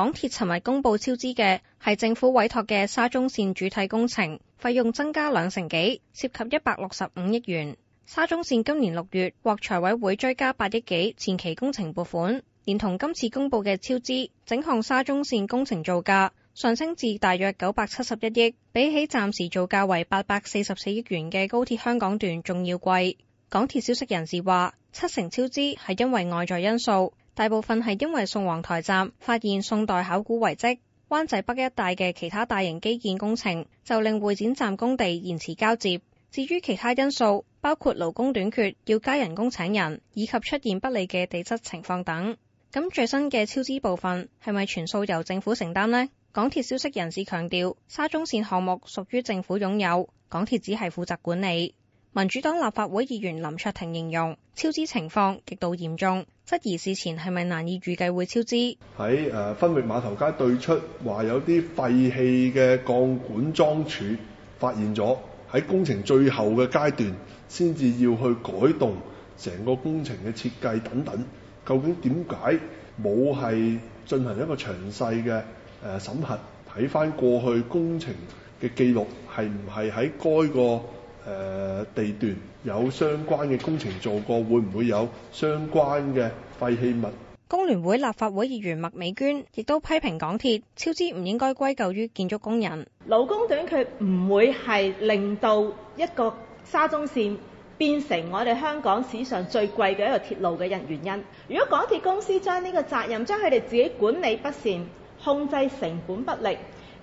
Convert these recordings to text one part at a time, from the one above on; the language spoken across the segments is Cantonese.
港鐵尋日公布超支嘅係政府委託嘅沙中線主體工程，費用增加兩成幾，涉及一百六十五億元。沙中線今年六月獲財委會追加八億幾前期工程撥款，連同今次公布嘅超支，整項沙中線工程造價上升至大約九百七十一億，比起暫時造價為八百四十四億元嘅高鐵香港段仲要貴。港鐵消息人士話，七成超支係因為外在因素。大部分係因為宋皇台站發現宋代考古遺跡，灣仔北一帶嘅其他大型基建工程就令會展站工地延遲交接。至於其他因素，包括勞工短缺、要加人工請人，以及出現不利嘅地質情況等，噉最新嘅超支部分係咪全數由政府承擔呢？港鐵消息人士強調，沙中線項目屬於政府擁有，港鐵只係負責管理。民主黨立法會議員林卓廷形容超支情況極度嚴重，質疑事前係咪難以預計會超支？喺誒，分域碼頭街對出話有啲廢棄嘅鋼管樁柱發現咗，喺工程最後嘅階段先至要去改動成個工程嘅設計等等。究竟點解冇係進行一個詳細嘅誒審核？睇翻過去工程嘅記錄係唔係喺該個誒？呃地段有相關嘅工程做過，會唔會有相關嘅廢棄物？工聯會立法會議員麥美娟亦都批評港鐵超支唔應該歸咎於建築工人。勞工短缺唔會係令到一個沙中綫變成我哋香港史上最貴嘅一個鐵路嘅人原因。如果港鐵公司將呢個責任，將佢哋自己管理不善、控制成本不力、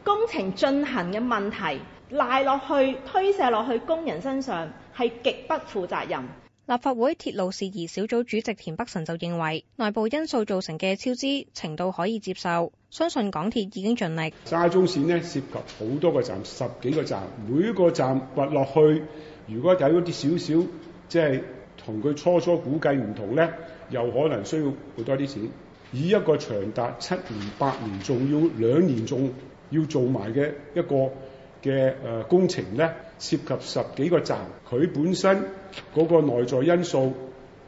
工程進行嘅問題。賴落去，推卸落去工人身上係極不負責任。立法會鐵路事宜小組主席田北辰就認為內部因素造成嘅超支程度可以接受，相信港鐵已經盡力。沙中綫呢涉及好多個站，十幾個站，每個站滑落去，如果有一啲少少，即係同佢初初估計唔同呢，又可能需要賠多啲錢。以一個長達七年、八年，仲要兩年，仲要做埋嘅一個。嘅誒工程呢，涉及十幾個站，佢本身嗰個內在因素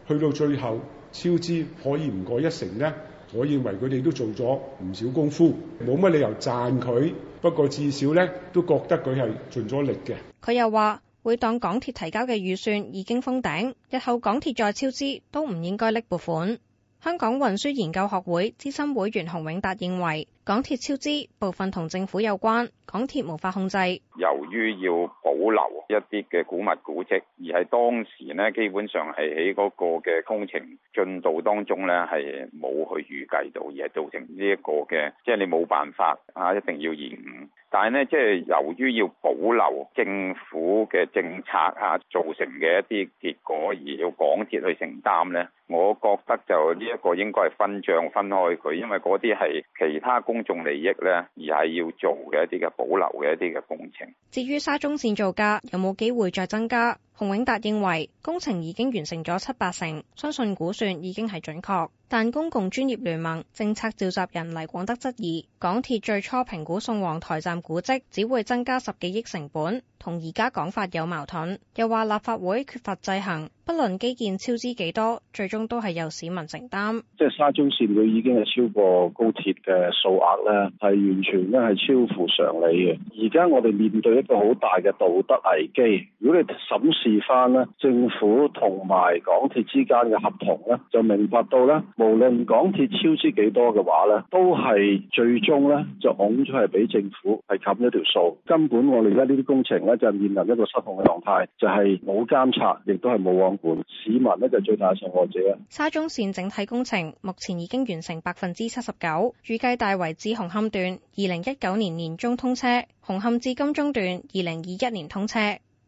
去到最後超支可以唔過一成呢，我認為佢哋都做咗唔少功夫，冇乜理由讚佢。不過至少呢都覺得佢係盡咗力嘅。佢又話會當港鐵提交嘅預算已經封頂，日後港鐵再超支都唔應該拎撥款。香港運輸研究學會資深會員洪永達認為，港鐵超支部分同政府有關，港鐵無法控制。由於要保留一啲嘅古物古蹟，而喺當時咧，基本上係喺嗰個嘅工程進度當中咧，係冇去預計到，而係造成呢一個嘅，即係你冇辦法啊，一定要延誤，但係咧，即係由於要保留政府嘅政策嚇造成嘅一啲結果，而要港鐵去承擔咧，我覺得就呢一個應該係分賬分開佢，因為嗰啲係其他公眾利益咧，而係要做嘅一啲嘅保留嘅一啲嘅工程。至於沙中綫做。.國家有冇機會再增加？洪永達認為工程已經完成咗七八成，相信估算已經係準確。但公共專業聯盟政策召集人黎廣德質疑，港鐵最初評估宋皇臺站古迹只會增加十幾億成本，同而家講法有矛盾，又話立法會缺乏制衡。不論基建超支幾多，最終都係由市民承擔。即係沙中綫佢已經係超過高鐵嘅數額咧，係完全咧係超乎常理嘅。而家我哋面對一個好大嘅道德危機。如果你審視返咧，政府同埋港鐵之間嘅合同咧，就明白到咧，無論港鐵超支幾多嘅話咧，都係最終咧就拱咗係俾政府係冚一條數。根本我哋而家呢啲工程咧就係面臨一個失控嘅狀態，就係冇監察，亦都係冇往。市民呢就最大受害者啊。沙中綫整體工程目前已經完成百分之七十九，預計大圍至紅磡段二零一九年年中通車，紅磡至金鐘段二零二一年通車。